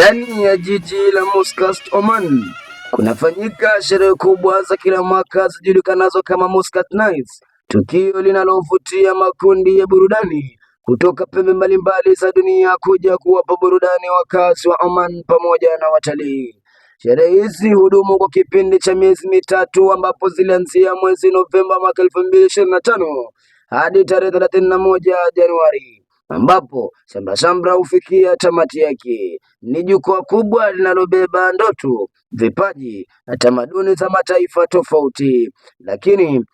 Ndani ya jiji la Muscat, Oman, kunafanyika sherehe kubwa za kila mwaka zijulikanazo kama Muscat Nights, tukio linalovutia makundi ya burudani kutoka pembe mbalimbali za dunia kuja kuwapa burudani wakazi wa Oman pamoja na watalii. Sherehe hizi hudumu kwa kipindi cha miezi mitatu ambapo zilianzia mwezi Novemba mwaka 2025 hadi tarehe 31 Januari ambapo Sambasamra hufikia tamati yake. Ni jukwaa kubwa linalobeba ndoto, vipaji na tamaduni za mataifa tofauti, lakini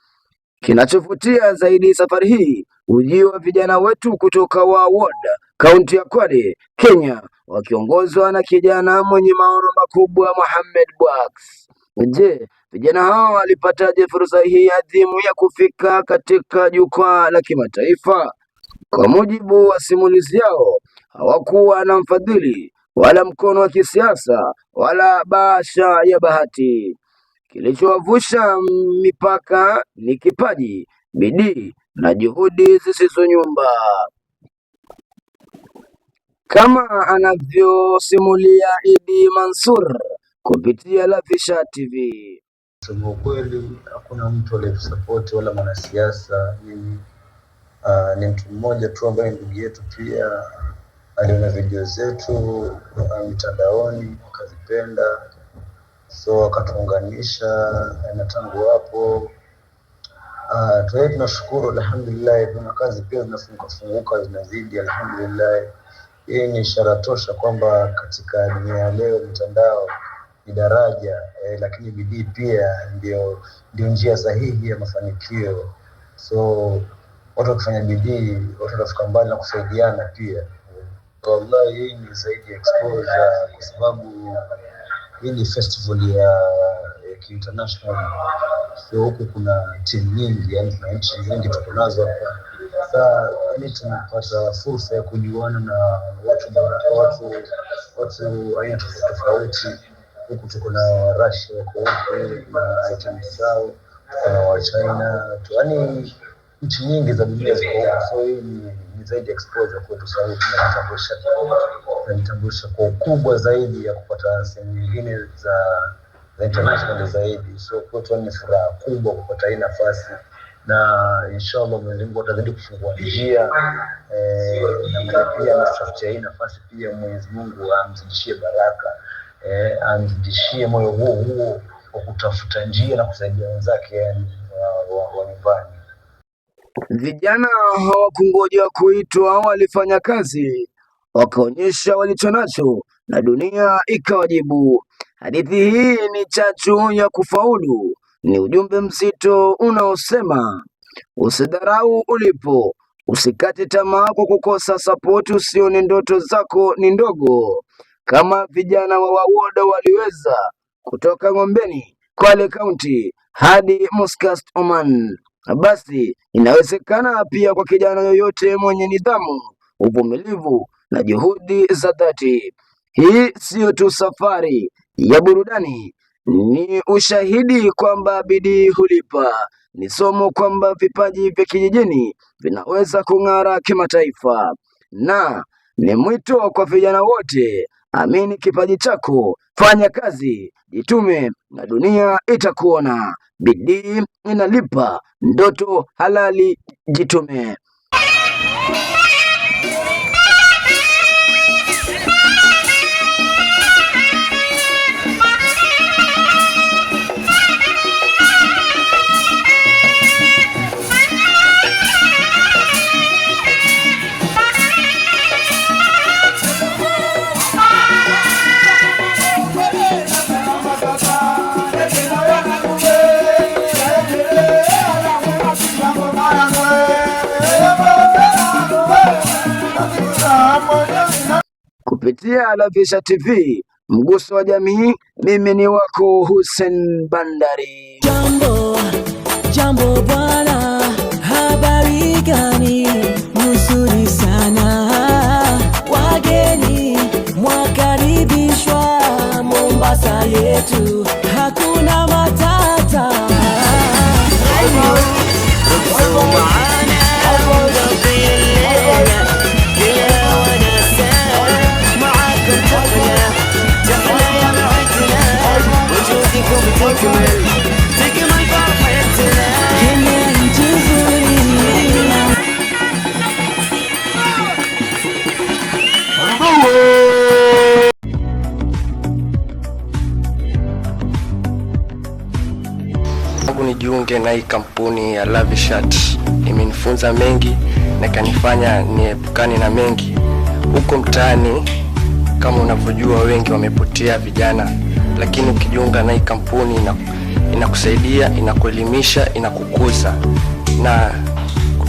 kinachovutia zaidi safari hii ujio wa vijana wetu kutoka ward kaunti ya Kwale, Kenya, wakiongozwa na kijana mwenye maono makubwa Mohamed Bwax. Je, vijana hao walipataje fursa hii adhimu ya kufika katika jukwaa la kimataifa? Kwa mujibu wa simulizi yao, hawakuwa na mfadhili wala mkono wa kisiasa wala bahasha ya bahati. Kilichowavusha mipaka ni kipaji, bidii na juhudi zisizonyumba, kama anavyosimulia Idi Mansur kupitia Lafisha TV. Sema ukweli, hakuna mtu aliyetusapoti wala mwanasiasa mimi Ah, ni mtu mmoja tu ambaye ndugu yetu pia aliona video zetu ah, mitandaoni akazipenda, so akatuunganisha na tangu hapo uh, tunashukuru alhamdulillah, kuna kazi pia zinafunguka zinazidi alhamdulillah. Hii ni ishara tosha kwamba katika dunia ya leo mitandao ni daraja eh, lakini bidii pia ndio ndio njia sahihi ya mafanikio so watu wakifanya bidii, watu watafika mbali na kusaidiana pia. Wallahi, hii ni zaidi ya exposure, kwa sababu hii ni festival ya kiinternational, so huku kuna timu nyingi, yani kuna nchi nyingi tuko nazo hapa. Sasa yani tunapata fursa ya kujuana na watu watu watu aina tofauti tofauti. Huku tuko na Russia wako huku na items zao, tuko na Wachina, yani nchi nyingi za dunia ziko huko. So hii ni, ni zaidi exposure kwetu sasa hivi tunajitambulisha tunajitambulisha kwa ukubwa zaidi ya kupata sehemu nyingine za za international zaidi. So kwetu ni furaha kubwa kupata hii nafasi na inshallah Mwenyezi Mungu atazidi kufungua njia eh, na pia natafutia hii nafasi pia Mwenyezi Mungu amzidishie baraka eh, amzidishie moyo huo huo wa kutafuta njia na kusaidia wenzake yani Vijana hawakungoja kuitwa, walifanya kazi, wakaonyesha walicho nacho na dunia ikawajibu. Hadithi hii ni chachu ya kufaulu, ni ujumbe mzito unaosema usidharau ulipo, usikate tamaa kwa kukosa sapoti, usione ndoto zako ni ndogo. Kama vijana wa wawodo waliweza kutoka Ng'ombeni, Kwale Kaunti hadi Muscat, Oman basi inawezekana pia kwa kijana yoyote mwenye nidhamu, uvumilivu na juhudi za dhati. Hii siyo tu safari ya burudani, ni ushahidi kwamba bidii hulipa, ni somo kwamba vipaji vya kijijini vinaweza kung'ara kimataifa, na ni mwito kwa vijana wote amini kipaji chako, fanya kazi, jitume na dunia itakuona. Bidii inalipa, ndoto halali, jitume. kupitia Alavisa TV, mguso wa jamii. Mimi ni wako Hussein Bandari. Jambo jambo bwana, habari gani? Nzuri sana wageni, mwakaribishwa Mombasa yetu. Nijiunge na hii kampuni ya Lovishat imenifunza mengi na kanifanya niepukane na mengi huko mtaani. Kama unavyojua, wengi wamepotea vijana lakini ukijiunga na hii kampuni inakusaidia, ina inakuelimisha, inakukuza. Na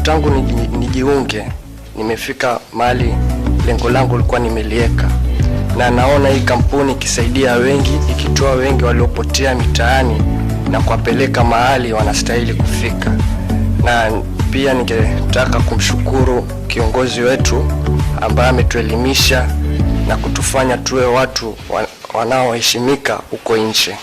tangu nijiunge nimefika mahali lengo langu lilikuwa nimelieka na naona hii kampuni ikisaidia wengi, ikitoa wengi waliopotea mitaani na kuwapeleka mahali wanastahili kufika. Na pia ningetaka kumshukuru kiongozi wetu ambaye ametuelimisha na kutufanya tuwe watu wanaoheshimika huko nje.